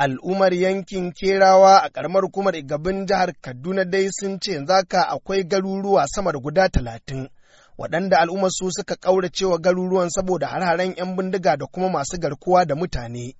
al'ummar yankin kerawa a karamar hukumar gabin jihar kaduna dai sun ce yanzu haka akwai garuruwa sama da guda talatin waɗanda al'ummar su suka ƙauracewa garuruwan saboda har-haren 'yan bindiga da kuma masu garkuwa da mutane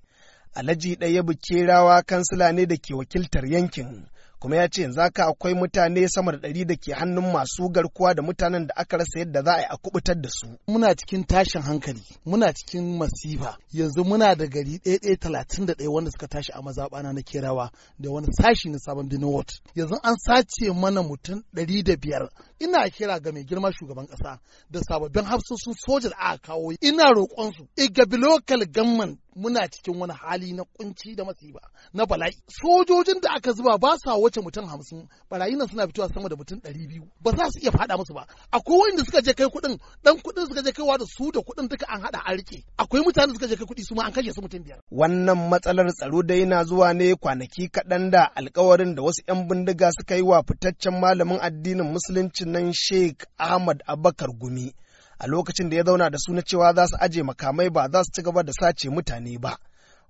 alhaji ɗaya Bukerawa kansila ne da ke wakiltar yankin kuma ya ce yanzu haka akwai mutane sama da ɗari da ke hannun masu garkuwa da mutanen da aka rasa yadda za a yi a kubutar da su. Muna cikin tashin hankali, muna cikin masifa, yanzu muna da gari ɗaya ɗaya talatin da ɗaya wanda suka tashi a mazaɓana na kerawa da wani sashi na sabon Benin Ward. Yanzu an sace mana mutum ɗari da biyar. Ina kira ga mai girma shugaban ƙasa da sababbin hafsoshin soja da aka kawo. Ina roƙonsu, igabi local gamman muna cikin wani hali na kunci da masifa na bala'i. Sojojin da aka zuba ba sa wuce mutum hamsin barayi nan suna fitowa sama da mutum ɗari biyu ba za su iya faɗa musu ba akwai wanda suka je kai kuɗin ɗan kuɗin suka je kaiwa da su da kuɗin duka an haɗa an rike akwai mutane suka je kai kuɗi su ma an kashe su mutum biyar. wannan matsalar tsaro da yana zuwa ne kwanaki kaɗan da alkawarin da wasu 'yan bindiga suka yi wa fitaccen malamin addinin musulunci nan sheikh ahmad abakar gumi a lokacin da ya zauna da su na cewa za su aje makamai ba za su ci gaba da sace mutane ba.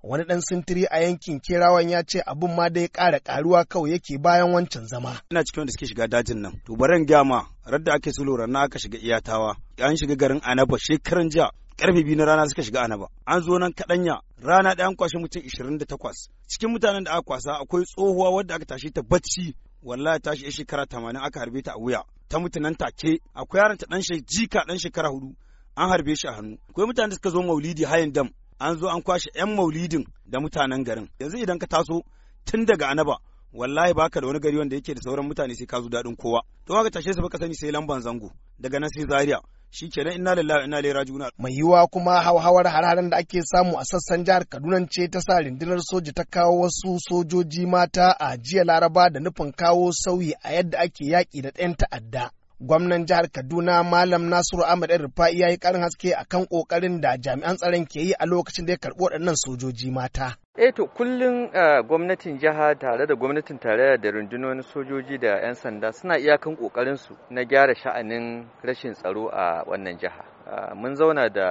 wani ɗan sintiri a yankin kerawan ya ce abin ma dai ƙara ƙaruwa kawai yake bayan wancan zama. Ina cikin wanda suke shiga dajin nan. To baran gyama radda ake sulura na aka shiga iyatawa an shiga garin Anaba shekaran jiya karfe biyu na rana suka shiga Anaba. An zo nan kaɗanya rana ɗaya an kwashe mutum ishirin da takwas. Cikin mutanen da aka kwasa akwai tsohuwa wadda aka tashi ta bacci wallahi tashi shekara tamanin aka harbe ta a wuya. Ta mutu nan take akwai yaron ta ɗan jika ɗan shekara hudu an harbe shi a hannu. Akwai mutanen da suka zo maulidi hayan dam an zo an kwashe 'yan maulidin da mutanen garin yanzu idan ka taso tun daga anaba wallahi baka da wani gari wanda yake da sauran mutane sai ka zo daɗin kowa to ka tashe su baka sani sai lamban zango daga nan sai Zariya shi ke kenan inna lillahi inna ilaihi raji'un mai yiwa kuma hauhawar hararen da ake samu a sassan jihar Kaduna ce ta sa rindinar soja ta kawo wasu sojoji mata a jiya Laraba da nufin kawo sauyi a yadda ake yaƙi da ɗayan ta'adda gwamnan jihar kaduna malam nasiru ahmad rufa'i ya yi karin haske a kan kokarin da jami'an tsaron ke yi a lokacin da ya karɓo waɗannan sojoji mata eh to kullum eh, gwamnatin jiha tare da gwamnatin tarayya da rundunonin sojoji da 'yan sanda suna iyakan kokarin su na gyara sha'anin rashin tsaro a wannan jiha eh, mun zauna da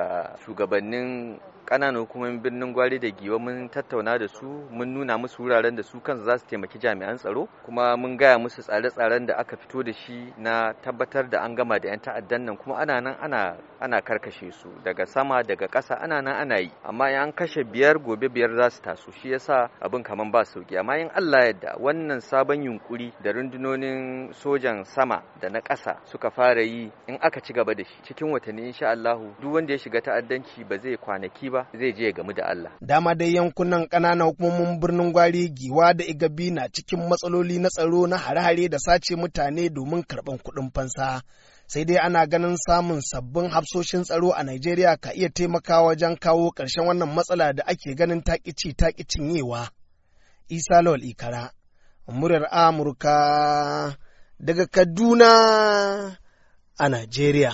shugabannin Kananan hukumomin birnin gwari da giwa mun tattauna da su mun nuna musu wuraren da su kansu za su taimaki jami'an tsaro kuma mun gaya musu tsare-tsaren da aka fito da shi na tabbatar da an gama da 'yan ta'addan nan kuma ana nan ana ana karkashe su daga sama daga ƙasa ana nan ana yi amma in an kashe biyar gobe biyar za su taso shi yasa abin kaman ba sauki amma in Allah yadda wannan sabon yunkuri da rundunonin sojan sama da na ƙasa suka fara yi in aka ci gaba da shi cikin watanni insha Allahu duk wanda ya shiga ta'addanci ba zai kwanaki ba zai je ya da Allah. Dama dai yankunan ƙananan hukumomin birnin Gwari Giwa da Igabi na cikin matsaloli na tsaro na hare-hare da sace mutane domin karɓan kuɗin fansa. Sai dai ana ganin samun sabbin hafsoshin tsaro a Najeriya ka iya taimakawa wajen kawo ƙarshen wannan matsala da ake ganin takici takicin cinyewa. Isa Lawal Ikara, muryar Amurka daga Kaduna a Najeriya.